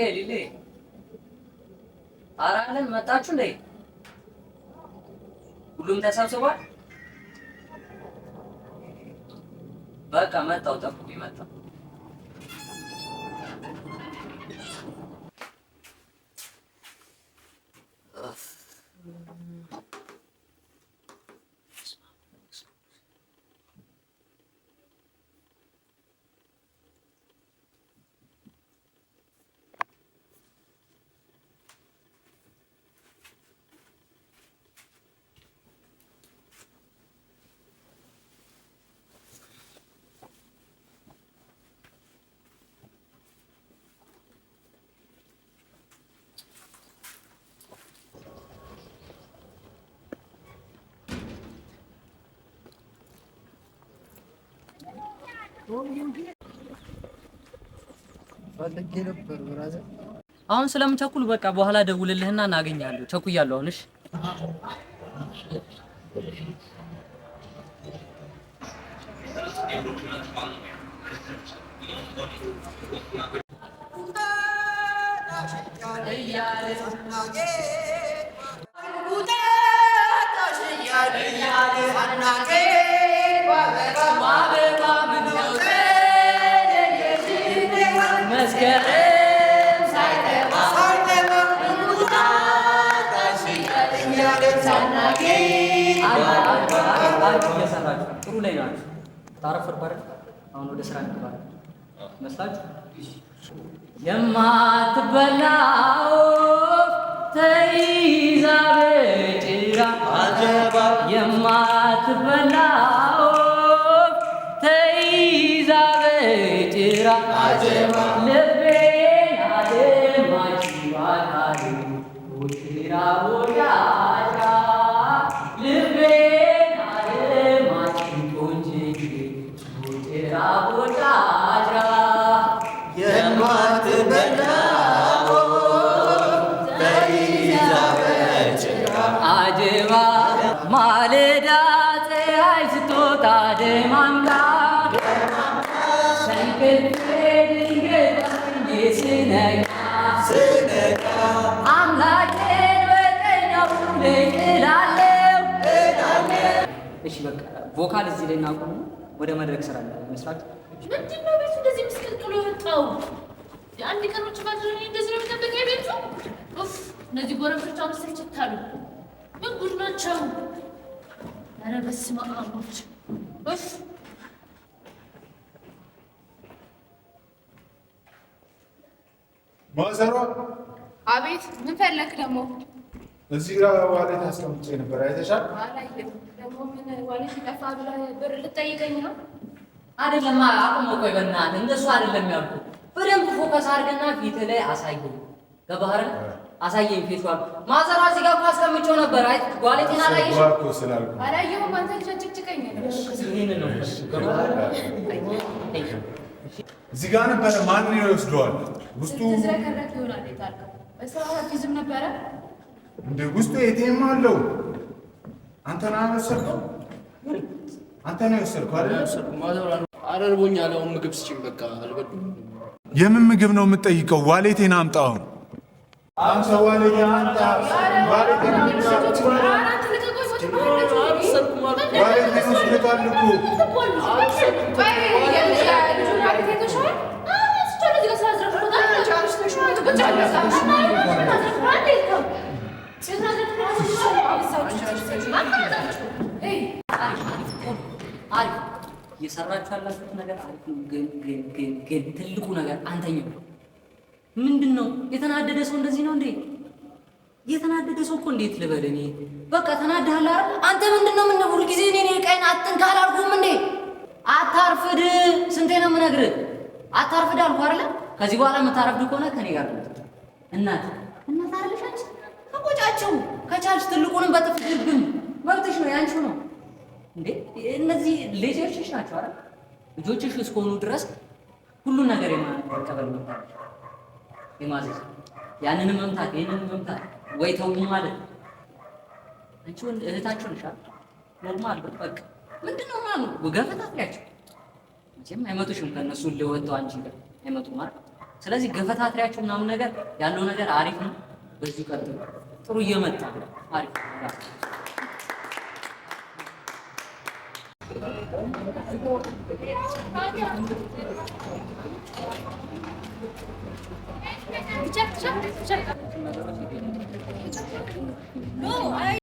ወይ ሊሌ አራለን መጣችሁ እንዴ? ሁሉም ተሰብስቧል። በቃ መጣው ጠብቁኝ፣ መጣው አሁን ስለምቸኩል በቃ በኋላ ደውልልህና እናገኛለሁ። ቸኩያለሁ አሁን። እሺ እየሰራችሁ ጥሩ ላይ ናችሁ። ታረፈር ባረ አሁን ወደ ስራ እንገባለን። መስላችሁ የማትበላው ተይዛ በጭራ የማትበላው ተይዛ በጭራ ማለዳ ፀሐይ ስትወጣ ደማምላ እሺ በቃ ቮካል እዚህ ላይ እናቆሙ። ወደ መድረክ ስራ መስራት ምንድን ነው? ቤቱ እንደዚህ ምስቅልቅሎ የወጣው የአንድ ቀን ውጭ እንደዚህ ነው የሚጠበቀ ቤቱ። እነዚህ ጎረምሶች አሁን ሰልችታሉ። ምን ጉድ ናቸው? ኧረ በስመ አብ ማዘሯ። አቤት ምን ፈለክ ደግሞ? እዚህ ጋር ዋሌት አስቀምጬ ነበር አይተሻል? አላየሁም አይደለም አቁመው። ቆይ በእናትህ እንደሱ አይደለም ያልኩህ። በደንብ ፎከስ አድርገና ፊት ላይ አሳየኝ። ገባህ? አሳየኝ ፊት ዋል ማዘራ እዚህ ጋር አስቀምጬው ነበር። አይ ዋሌቴን እዚህ ጋር ነበረ። ማን ይወስደዋል? ውስጡ ነበረ እንደ ውስጡ ኤቲኤም አለው። አንተና ሰርከው አንተ ነው የወሰድከው ምግብ ስጭኝ በቃ የምን ምግብ ነው የምጠይቀው? ዋሌቴን አምጣውን አምጣ ዋሌቴን አምጣ እየሰራችሁ ያላችሁት ነገር አሪፍ ነው፣ ግን ግን ግን ግን ትልቁ ነገር አንተኛው ምንድን ነው? የተናደደ ሰው እንደዚህ ነው እንዴ? የተናደደ ሰው እኮ እንዴት ልበል እኔ በቃ ተናደሃል አይደል? አንተ ምንድን ነው ምን ጊዜ እኔ ነኝ ቀይን አጥንካ አላልኩም እንዴ? አታርፍድ። ስንቴ ነው የምነግርህ? አታርፍድ አልኩ አይደለ? ከዚህ በኋላ የምታረፍድ ከሆነ ከኔ ጋር ነው። እናት እናት አይደለሽ አንቺ ተቆጫቸው። ከቻልሽ ትልቁንም በጥፍ ድርግም መብትሽ ነው፣ ያንቺው ነው። እነዚህ ልጆችሽ ናቸው አይደል? ልጆችሽ እስከሆኑ ድረስ ሁሉን ነገር የማቀበል ነው የማዘዝ ያንን መምታት ይህንን መምታት ወይ ተው ማለት አንቺ ወንድ ነሽ አይደል? ኖርማል በቃ ምንድን ነው ገፈታት ያቸው መቼም አይመጡሽም። ከእነሱ ልወጣው አንቺ ጋር አይመጡ ስለዚህ ምናምን ነገር ያለው ነገር አሪፍ ነው። በዚሁ ጥሩ እየመጣ አሪፍ Bıçak bıçak bıçak.